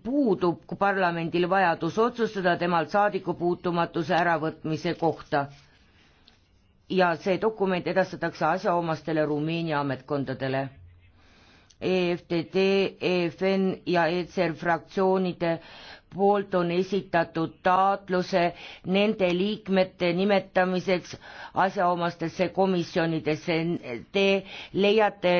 puudub parlamendil vajadus otsustada temalt saadikupuutumatuse äravõtmise kohta ja see dokument edastatakse asjaomastele Rumeenia ametkondadele. EFTT, EFN ja ECR fraktsioonide poolt on esitatud taotluse nende liikmete nimetamiseks asjaomastesse komisjonidesse. Te leiate